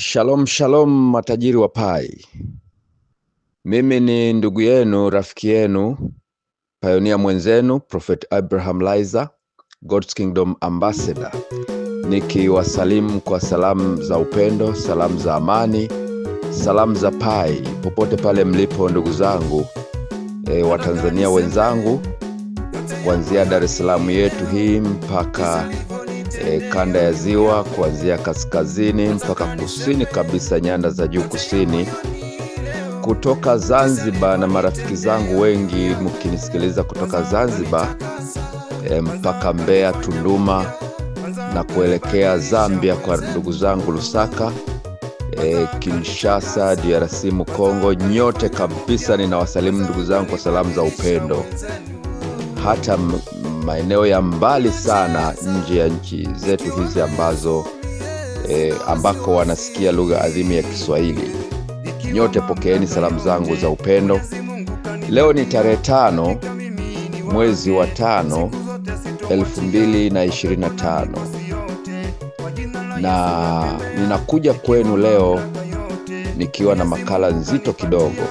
Shalom shalom, matajiri wa pai. Mimi ni ndugu yenu, rafiki yenu, payonia mwenzenu, Prophet Abraham liza God's Kingdom Ambassador, nikiwasalimu kwa salamu za upendo, salamu za amani, salamu za pai, popote pale mlipo ndugu zangu e, Watanzania wenzangu, kuanzia Dar es Salaam yetu hii mpaka e, kanda ya ziwa kuanzia kaskazini mpaka kusini kabisa nyanda za juu kusini kutoka Zanzibar na marafiki zangu wengi mkinisikiliza kutoka Zanzibar e, mpaka Mbeya, Tunduma na kuelekea Zambia kwa ndugu zangu Lusaka e, Kinshasa, DRC, Mkongo, nyote kabisa ninawasalimu ndugu zangu kwa salamu za upendo hata maeneo ya mbali sana nje ya nchi zetu hizi ambazo e, ambako wanasikia lugha adhimu ya Kiswahili. Nyote pokeeni salamu zangu za upendo. Leo ni tarehe tano mwezi wa tano elfu mbili na ishirini na tano na ninakuja kwenu leo nikiwa na makala nzito kidogo.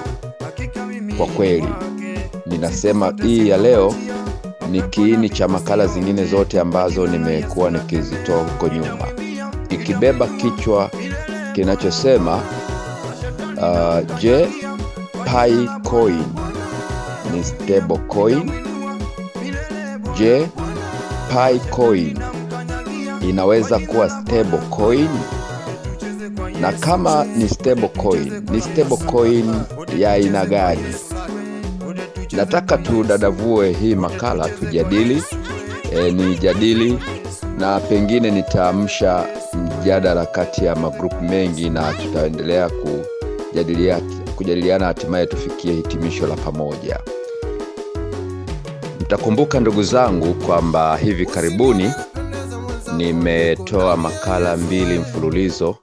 Kwa kweli ninasema hii ya leo ni kiini cha makala zingine zote ambazo nimekuwa nikizitoa huko nyuma, ikibeba kichwa kinachosema uh, je, Pi coin ni stable coin? Je, Pi coin inaweza kuwa stable coin? Na kama ni stable coin, ni stable coin ya aina gani? Nataka tudadavue hii makala tujadili, e, eh, jadili na pengine nitaamsha mjadala kati ya magrupu mengi, na tutaendelea kujadiliana, hatimaye tufikie hitimisho la pamoja. Mtakumbuka ndugu zangu kwamba hivi karibuni nimetoa makala mbili mfululizo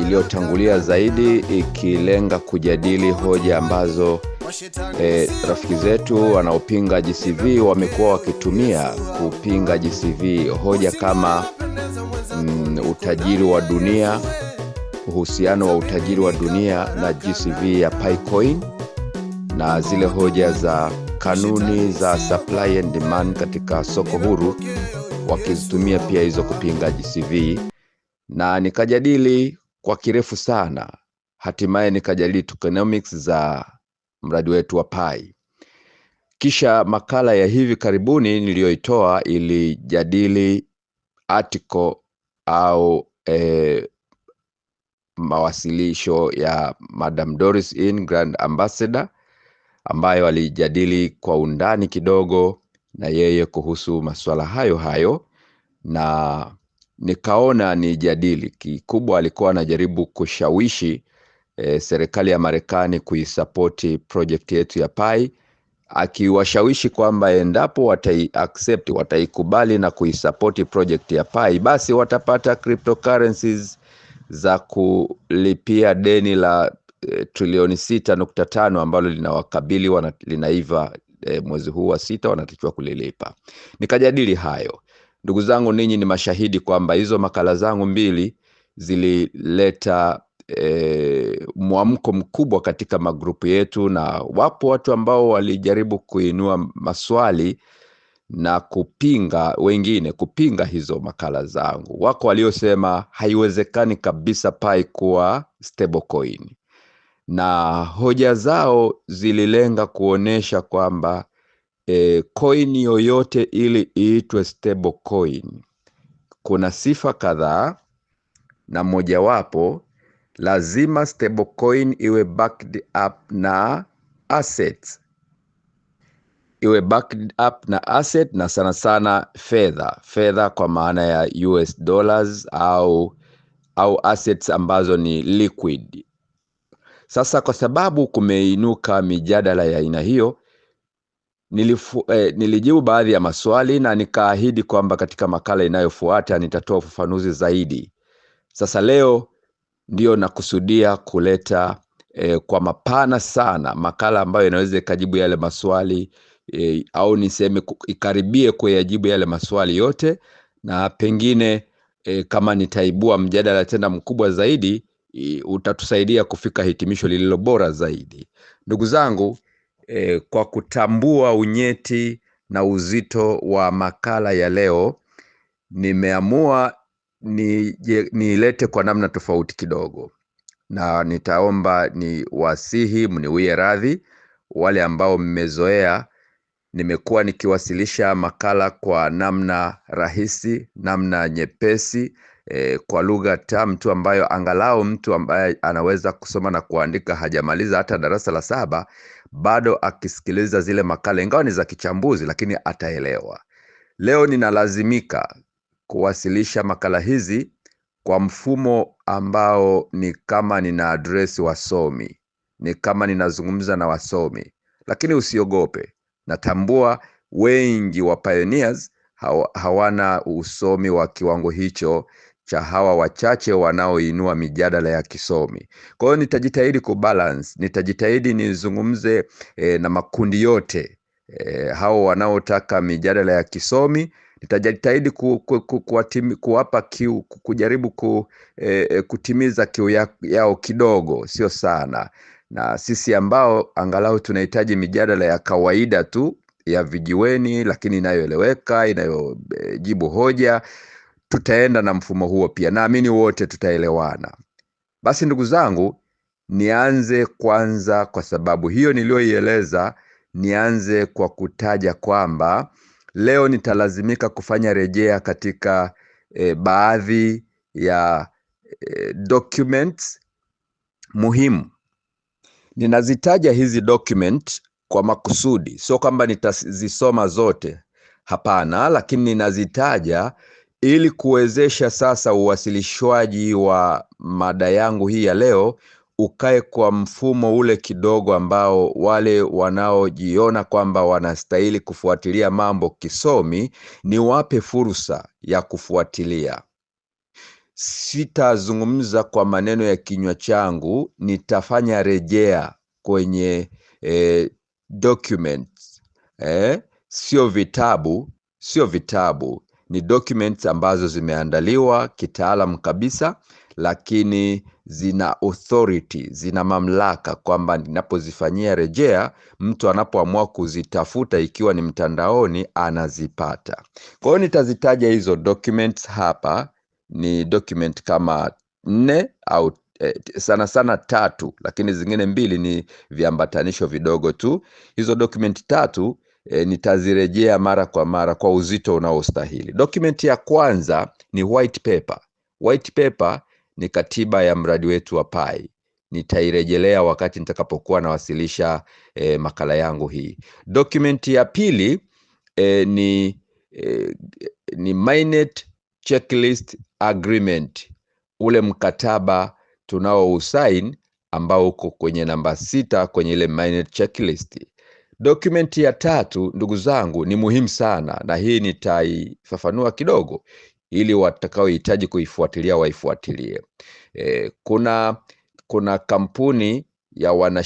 iliyotangulia zaidi ikilenga kujadili hoja ambazo e, rafiki zetu wanaopinga GCV wamekuwa wakitumia kupinga GCV hoja kama mm, utajiri wa dunia, uhusiano wa utajiri wa dunia na GCV ya Picoin na zile hoja za kanuni za supply and demand katika soko huru, wakizitumia pia hizo kupinga GCV, na nikajadili kwa kirefu sana, hatimaye nikajadili tokenomics za mradi wetu wa Pai. Kisha makala ya hivi karibuni niliyoitoa ilijadili article au e, mawasilisho ya Madam Doris in Grand Ambassador ambayo alijadili kwa undani kidogo na yeye kuhusu masuala hayo hayo, na nikaona nijadili. Kikubwa alikuwa anajaribu kushawishi e, serikali ya Marekani kuisapoti projekti yetu ya Pi, akiwashawishi kwamba endapo watai accept wataikubali na kuisapoti projekti ya Pi, basi watapata cryptocurrencies za kulipia deni la e, trilioni sita nukta tano ambalo linawakabili wana, linaiva e, mwezi huu wa sita wanatakiwa kulilipa. Nikajadili hayo Ndugu zangu, ninyi ni mashahidi kwamba hizo makala zangu mbili zilileta e, mwamko mkubwa katika magrupu yetu, na wapo watu ambao walijaribu kuinua maswali na kupinga wengine kupinga hizo makala zangu. Wako waliosema haiwezekani kabisa pai kuwa stablecoin, na hoja zao zililenga kuonesha kwamba e, coin yoyote ili iitwe stablecoin kuna sifa kadhaa na mojawapo lazima stablecoin iwe backed up na assets, iwe backed up na asset na sana sana fedha fedha, kwa maana ya US dollars au, au assets ambazo ni liquid. Sasa kwa sababu kumeinuka mijadala ya aina hiyo nilifu, eh, nilijibu baadhi ya maswali na nikaahidi kwamba katika makala inayofuata nitatoa ufafanuzi zaidi. Sasa leo ndio nakusudia kuleta e, kwa mapana sana makala ambayo inaweza ikajibu yale maswali e, au niseme ikaribie kuyajibu yale maswali yote, na pengine e, kama nitaibua mjadala tena mkubwa zaidi e, utatusaidia kufika hitimisho lililo bora zaidi. Ndugu zangu, e, kwa kutambua unyeti na uzito wa makala ya leo nimeamua niilete ni kwa namna tofauti kidogo, na nitaomba ni wasihi mniwie radhi wale ambao mmezoea nimekuwa nikiwasilisha makala kwa namna rahisi, namna nyepesi e, kwa lugha ta mtu ambayo angalau mtu ambaye anaweza kusoma na kuandika hajamaliza hata darasa la saba bado akisikiliza zile makala, ingawa ni za kichambuzi, lakini ataelewa. Leo ninalazimika kuwasilisha makala hizi kwa mfumo ambao ni kama nina address wasomi, ni kama ninazungumza na wasomi, lakini usiogope. Natambua wengi wa pioneers hawana usomi wa kiwango hicho cha hawa wachache wanaoinua mijadala ya kisomi. Kwa hiyo nitajitahidi kubalance, nitajitahidi nizungumze eh, na makundi yote e, hao wanaotaka mijadala ya kisomi nitajitahidi ku, ku, ku, kuwapa kiu kujaribu ku, e, kutimiza kiu ya, yao kidogo, sio sana. Na sisi ambao angalau tunahitaji mijadala ya kawaida tu ya vijiweni, lakini inayoeleweka inayojibu hoja, tutaenda na mfumo huo pia, naamini wote tutaelewana. Basi ndugu zangu, nianze kwanza, kwa sababu hiyo niliyoieleza nianze kwa kutaja kwamba leo nitalazimika kufanya rejea katika e, baadhi ya e, documents muhimu. Ninazitaja hizi document kwa makusudi, sio kwamba nitazisoma zote, hapana, lakini ninazitaja ili kuwezesha sasa uwasilishwaji wa mada yangu hii ya leo ukae kwa mfumo ule kidogo ambao wale wanaojiona kwamba wanastahili kufuatilia mambo kisomi ni wape fursa ya kufuatilia. Sitazungumza kwa maneno ya kinywa changu, nitafanya rejea kwenye eh, documents eh, sio vitabu, sio vitabu ni documents ambazo zimeandaliwa kitaalam kabisa, lakini zina authority, zina mamlaka kwamba ninapozifanyia rejea, mtu anapoamua kuzitafuta ikiwa ni mtandaoni anazipata. Kwa hiyo nitazitaja hizo documents hapa, ni document kama nne au eh, sana sana tatu, lakini zingine mbili ni viambatanisho vidogo tu. Hizo document tatu e, nitazirejea mara kwa mara kwa uzito unaostahili. Dokumenti ya kwanza ni white paper. White paper ni katiba ya mradi wetu wa pai nitairejelea wakati nitakapokuwa nawasilisha e, makala yangu hii. Dokumenti ya pili e, ni, e, ni Minette Checklist Agreement, ule mkataba tunao usain ambao uko kwenye namba sita kwenye ile Minette checklist. Dokumenti ya tatu, ndugu zangu, ni muhimu sana, na hii nitaifafanua kidogo ili watakaohitaji kuifuatilia waifuatilie. E, kuna, kuna kampuni ya wana